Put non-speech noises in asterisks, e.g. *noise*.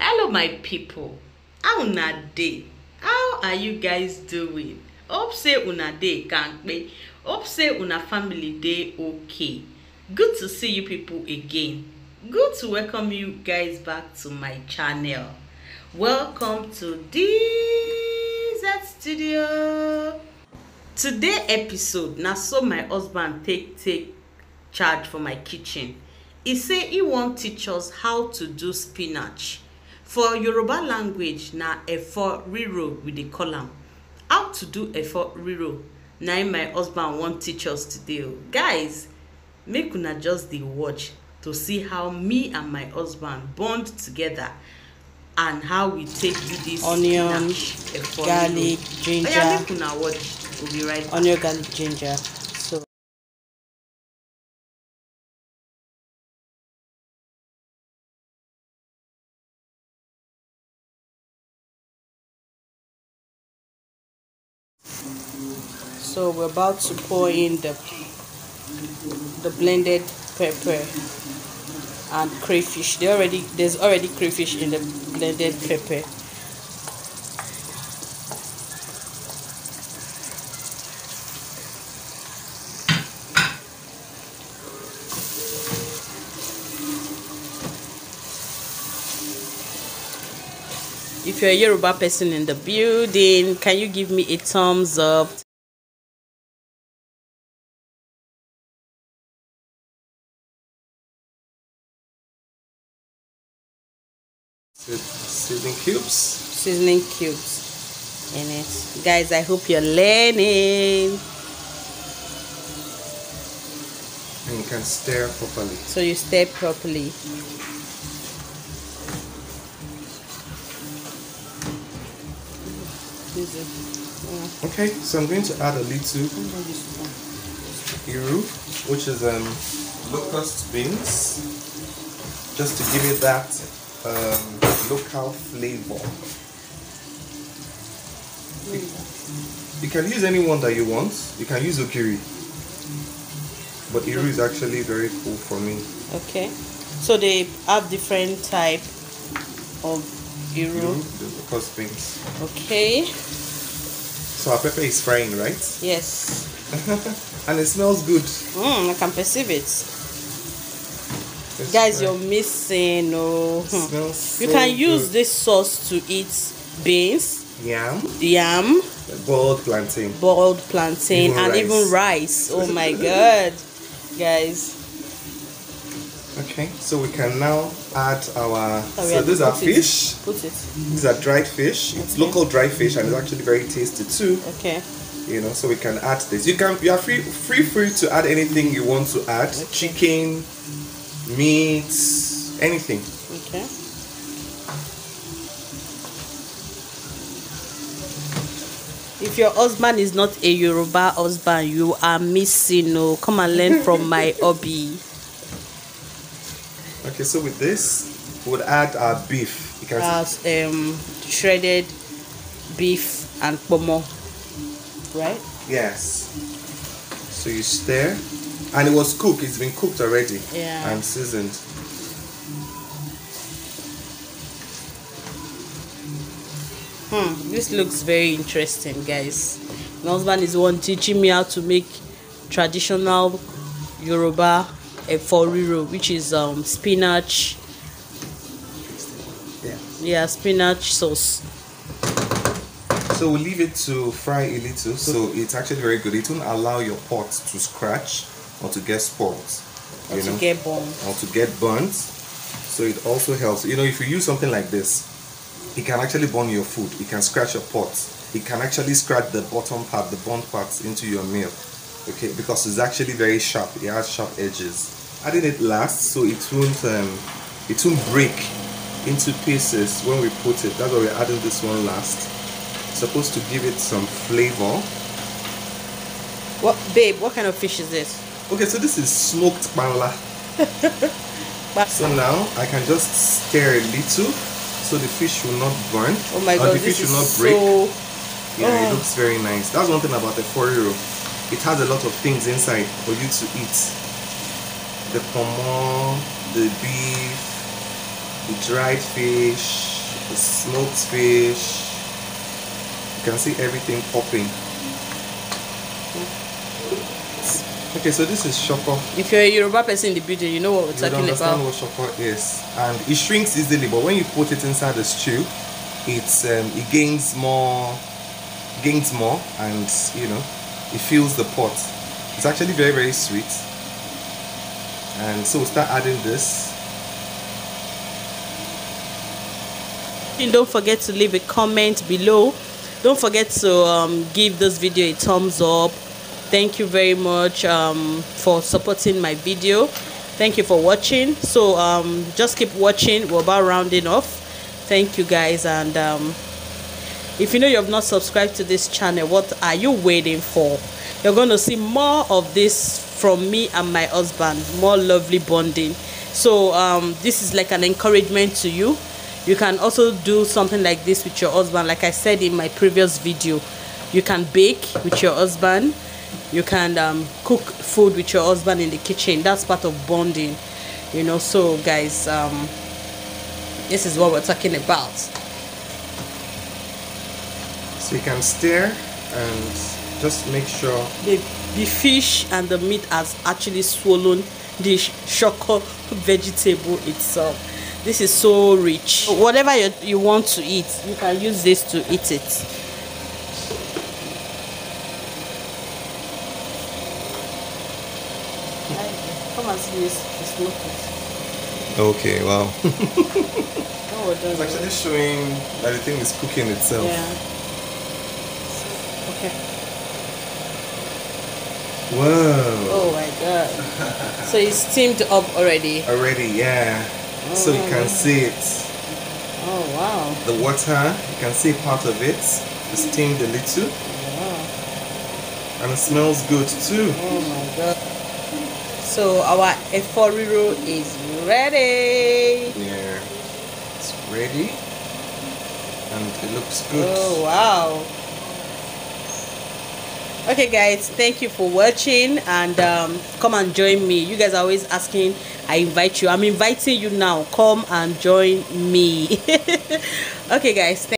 hello my people how na day? how are you guys doing hope say una dey kampe hope say una family day, okay good to see you people again good to welcome you guys back to my channel welcome to DZ studio today episode na so my husband take take charge for my kitchen He say he wan teach us how to do spinach for yoruba language na efo riro we dey call am how to do efo riro na im my husband wan teach us today o guys make una just dey watch to see how me and my husband bond together and how we take do this onion garlic ginger onion garlic ginger so we're about to pour in the the blended pepper and crayfish they already there's already crayfish in the blended pepper If you're a Yoruba person in the building, can you give me a thumbs up? Seasoning cubes. Seasoning cubes in it. Guys, I hope you're learning. And you can stir properly. So you stir properly. Okay, so I'm going to add a little iru, which is um, locust beans, just to give it that um, local flavor. You, you can use any one that you want. You can use okiri, but iru is actually very cool for me. Okay, so they have different type of things. Okay. So our pepper is frying, right? Yes. *laughs* and it smells good. Mm, I can perceive it. It's Guys, fine. you're missing. Oh, hmm. you so can use good. this sauce to eat beans, yam, yam, boiled plantain, boiled plantain, even and rice. even rice. Oh my god. *laughs* Guys, Okay, so we can now add our. so these are it, fish. Put it. These are dried fish. It's local dried fish, and it's actually very tasty too. Okay. You know, so we can add this. You can. You are free, free, free to add anything you want to add. Okay. Chicken, meat, anything. Okay. if your husband is not a Yoruba husband, you are missing. Oh, come and learn from my *laughs* hobby. Okay, so with this, we would add our beef. You um, shredded beef and pomo, right? Yes. So you stir, and it was cooked. It's been cooked already. Yeah. And seasoned. Hmm. This looks very interesting, guys. My husband is one teaching me how to make traditional Yoruba a foriro, which is um, spinach. Yeah. yeah, spinach sauce. So we leave it to fry a little. So it's actually very good. It won't allow your pot to scratch or to get spoiled. Or to know, get burnt. Or to get burnt. So it also helps. You know, if you use something like this, it can actually burn your food. It can scratch your pot. It can actually scratch the bottom part, the burnt parts into your meal okay because it's actually very sharp it has sharp edges I did it last so it won't um, it won't break into pieces when we put it that's why we're adding this one last it's supposed to give it some flavor what babe what kind of fish is this okay so this is smoked panla *laughs* so now I can just stir a little so the fish will not burn oh my god the fish will not break so... yeah oh. it looks very nice that's one thing about the forio it has a lot of things inside for you to eat the pomo the beef the dried fish the smoked fish you can see everything popping okay so this is shoko if you're a yoruba person in the building you know what we're you talking understand about understand what shoko is and it shrinks easily but when you put it inside the stew it's um, it gains more gains more and you know it fills the pot it's actually very very sweet and so we'll start adding this and don't forget to leave a comment below don't forget to um, give this video a thumbs up thank you very much um, for supporting my video thank you for watching so um, just keep watching we're about rounding off thank you guys and um, if you know you have not subscribed to this channel what are you waiting for you're going to see more of this from me and my husband more lovely bonding so um, this is like an encouragement to you you can also do something like this with your husband like i said in my previous video you can bake with your husband you can um, cook food with your husband in the kitchen that's part of bonding you know so guys um, this is what we're talking about so you can stir and just make sure. The, the fish and the meat has actually swollen the shoko vegetable itself. This is so rich. Whatever you, you want to eat, you can use this to eat it. Okay, wow. *laughs* it's actually showing that the thing is cooking itself. Yeah. Whoa. Oh my god. so it's steamed up already? Already, yeah. Oh, so you can mm. see it. Oh wow. The water, you can see part of it. It's steamed a little. Wow. And it smells good too. Oh my god. So our eforiro is ready. Yeah. It's ready. And it looks good. Oh wow okay guys thank you for watching and um, come and join me you guys are always asking i invite you i'm inviting you now come and join me *laughs* okay guys